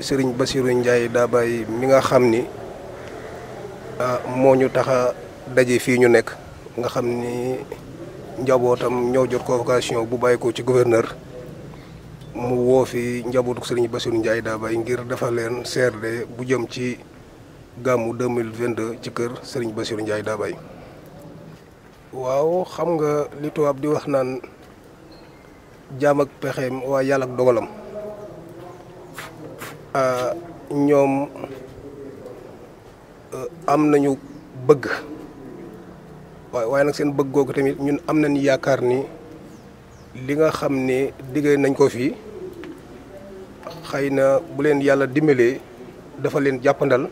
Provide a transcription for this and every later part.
sëriñ Bassirou Ndiaye Dabaye mi nga xam ni ah, moo ñu tax a daje fii ñu nekk nga xam ni njabootam ñoo jot convocation bu bàyyi ko ci gouverneur mu woo fi njabootu sëriñ Bassirou Ndiaye Dabaye ngir defal leen CRD bu jëm ci gàmmu 2022 ci kër sëriñ Bassirou Ndiaye Dabaye waaw xam nga li tubaab di wax naan jaam ak pexeem waa yàlla ak dogalam Euh, ñoom euh, am nañu bëgg waaye waaye nag seen bëgg googu tamit ñun am nañu yaakaar ni li nga xam ne diggee nañ ko fii xëy na bu leen yàlla dimbalee dafa leen jàppandal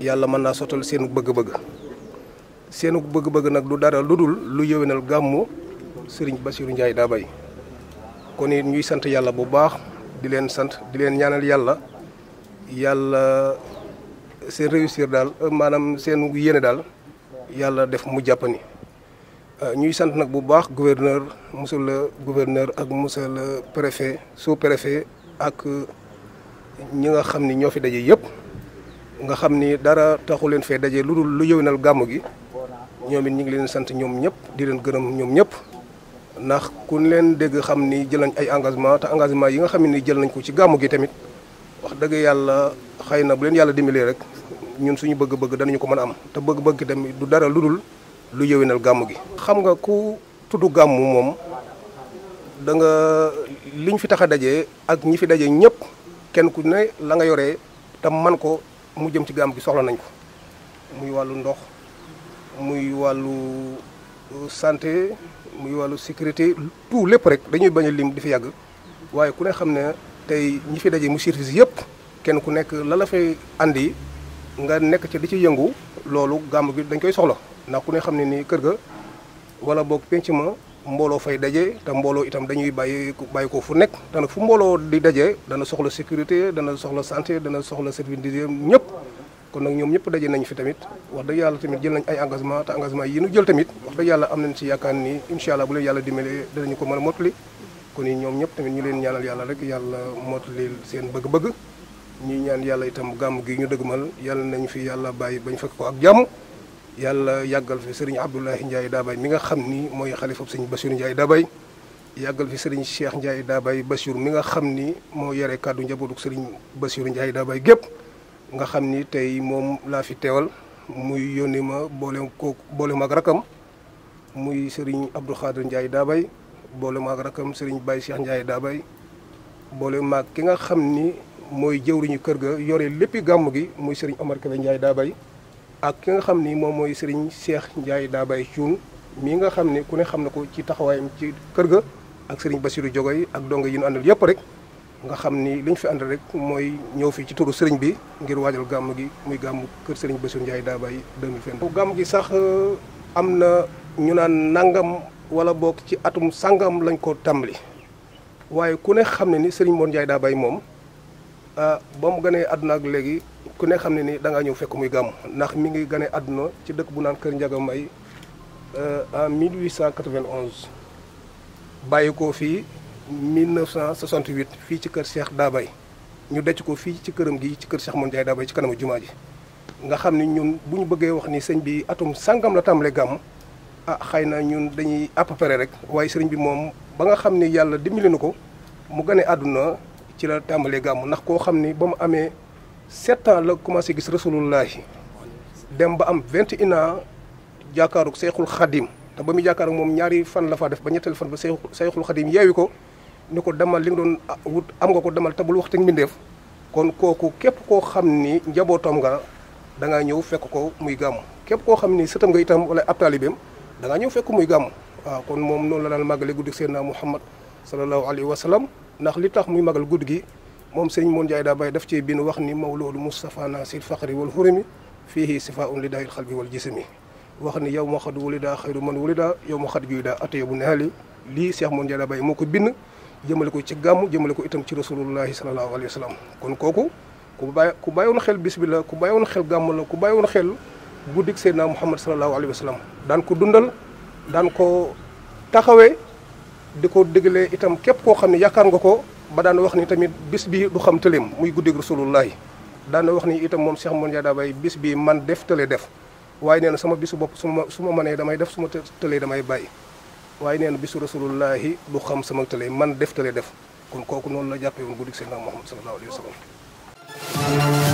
yàlla mën naa sottal seenu bëgg-bëgg seenu bëgg-bëgg nag du dara lu dul lu yëwénal gàmmu sëriñ Bassirou Ndiaye daa bay kon ñuy sant yàlla bu baax di leen sant di leen ñaanal yàlla yàlla seen réussir daal euh, maanaam seen yéene daal yàlla def mu jàppani euh, ñuy sant nag bu baax gouverneur monsieur le ak monsieur le su sous ak euh, ñi nga xam ni ñoo fi daje yëpp nga xam ni dara taxu leen fee daje lu dul lu yëwénal gàmmu gi ñoom it ñu ngi leen sant ñoom ñëpp di leen gërëm ñoom ñëpp ndax ku leen dégg xam ni jëlañ ay engagement te engagement yi nga xam ne jël nañ ko ci gàmmu gi tamit wax dëgg yàlla xëy na bu leen yàlla dimbilee rek ñun suñu bëgg-bëgg danañu ko mën a am te bëgg-bëgg tamit du dara lu dul lu yëwénal gàmmu gi. xam nga ku tudd gàmmu moom da nga li ñu fi tax a daje ak ñi fi daje ñëpp kenn ku ne la nga yoree te man ko mu jëm ci gàmmu gi soxla nañ ko muy wàllu ndox muy wàllu. santé muy wàllu sécurité tout lépp rek dañuy bañ a lim di fi yàgg waaye ku ne xam ne tey ñi fi daje mu service yëpp kenn ku nekk la la fay andi nga nekk ci di ci yëngu loolu gàmm gi dañ koy soxla ndax ku ne xam ne nii kër ga wala boog penc ma mbooloo fay daje te mbooloo itam dañuy bàyyi bàyyi ko fu nekk te nag fu mbooloo di daje dana soxla sécurité dana soxla santé dana soxla service d'hygiène ñëpp kon nag ñoom ñëpp daje nañ fi tamit wax dëgg yàlla tamit jël nañ ay engagement te engagement yi ñu jël tamit wax dëgg yàlla am nañ ci yaakaar ni incha allah bu leen yàlla dimbalee danañu ko mën a mottali kon ni ñoom ñëpp tamit ñu leen ñaanal yàlla rek yàlla mottali seen bëgg-bëgg ñuy ñaan yàlla itam gàmm gi ñu dëgmal yàlla nañu fi yàlla bàyyi bañ fekk ko ak jàmm yàlla yàggal fi sëriñ Abdoulaye Ndiaye Daabay mi nga xam ni mooy xalifa sëriñ Bassirou Ndiaye Daabay yàggal fi sëriñ Cheikh Ndiaye Daabay Bassirou mi nga xam ni moo yore kàddu njabootu sëriñ Bassirou Ndiaye Daabay gépp nga xam ni tey moom laa fi teewal muy yónni ma boole kook boole ma ak rakam muy sëriñ Abdou Khadir Ndiaye Daabay boole ma ak rakam sëriñ Baye Cheikh Ndiaye Daabay boole ma ki nga xam ni mooy jëwriñu kër ga yore léppi gàmm gi muy sëriñ Omar Kébé Ndiaye Daabay ak ki nga xam ni moom mooy sëriñ Cheikh Ndiaye Daabay Cuun mii nga xam ni ku ne xam na ko ci taxawaayam ci kër ga ak sëriñ Bassirou Diogoy ak dongo yi ñu àndal yëpp rek. nga xam ni liñ fi ànd rek mooy ñëw fi ci turu sëriñ bi ngir waajal gàmm gi muy gàmm kër sëriñ Bassirou Ndiaye Dabaye 2020. gàmm gi sax euh, am na ñu naan nangam wala bokk ci atum sangam lañ ko tàmbali waaye ku ne xam ne ni sëriñ Mor Ndiaye Dabaye moom euh, ba mu gënee àdduna ak léegi ku ne xam ne ni da ngaa ñëw fekk muy gàmm ndax mi ngi gënee àdduna ci dëkk bu naan kër Ndiaga Mbaye euh, en 1891 bàyyi ko fii. 1968 fii ci kër Cheikh Dabay ñu decc ko fii ci këram gi ci kër Cheikh Moom Ndiaye Dabay ci kanamu jumaa ji nga xam ni ñun bu ñu bëggee wax ni sëñ bi atum sàngam la tàmbalee gàmm ah xëy na ñun dañuy à peu rek waaye sëriñ bi moom ba nga xam ni yàlla dimbali na ko mu gane àdduna ci la tàmbalee gàmm ndax koo xam ni ba mu amee sept ans la commencé gis rasulullahi dem ba am vingt et un ans jàkkaarug Seexul Xadim te ba muy jàkkaarug moom ñaari fan la fa def ba ñetteel fan ba Seexul Xadim yeewi ko ni ko demal li nga doon ah, wut am nga ko demal tabul bul wax teg mbindeef kon kooku képp koo xam ni njabootam nga da ngaa ñëw fekk ko muy gàmm képp koo xam ni sëtam nga itam wala ab taalibeem da ñëw fekk muy gàmm waaw kon moom noonu la daan màggale guddi Seydina Muhammad sallallahu alayhi wa sallam ndax li tax muy magal guddi gi moom sëriñ Moon Njaay daa bàyyi daf cee bind wax ni mawloolu Mustafa nasil faqri wal hurmi fiihi sifaun li daayil xalbi wal jismi wax ni yow ma xad wuli daa xayru man wuli daa yow ma xad juy daa atee bu neexali lii Cheikh Moon Njaay daa bàyyi bind jëmale ko ci gàmm jëmale ko itam ci rasulullahi sallallahu alayhi wa sallam kon kooku ku bàyyi ku bàyyiwoon xel bis bi la ku bàyyiwoon xel gàmm la ku bàyyiwoon xel guddig naa Muhammad sallallahu alayhi wa sallam daan ko dundal daan ko taxawee di ko déglee itam képp koo xam ne yaakaar nga ko ba daan wax ni tamit bis bi du xam tëleem muy guddig rasulullahi daana wax ni itam moom Cheikh Mawone Dia daa bay bis bi man def tële def waaye nee na sama bisu bopp su ma su ma mënee damay def su ma tëlee damay bàyyi waaye nee na bisu rasulullahi du xam sama tële man def tële def kon kooku noonu la jàppee woon guddi Seydina Muhammad sallallahu alayhi wa sallam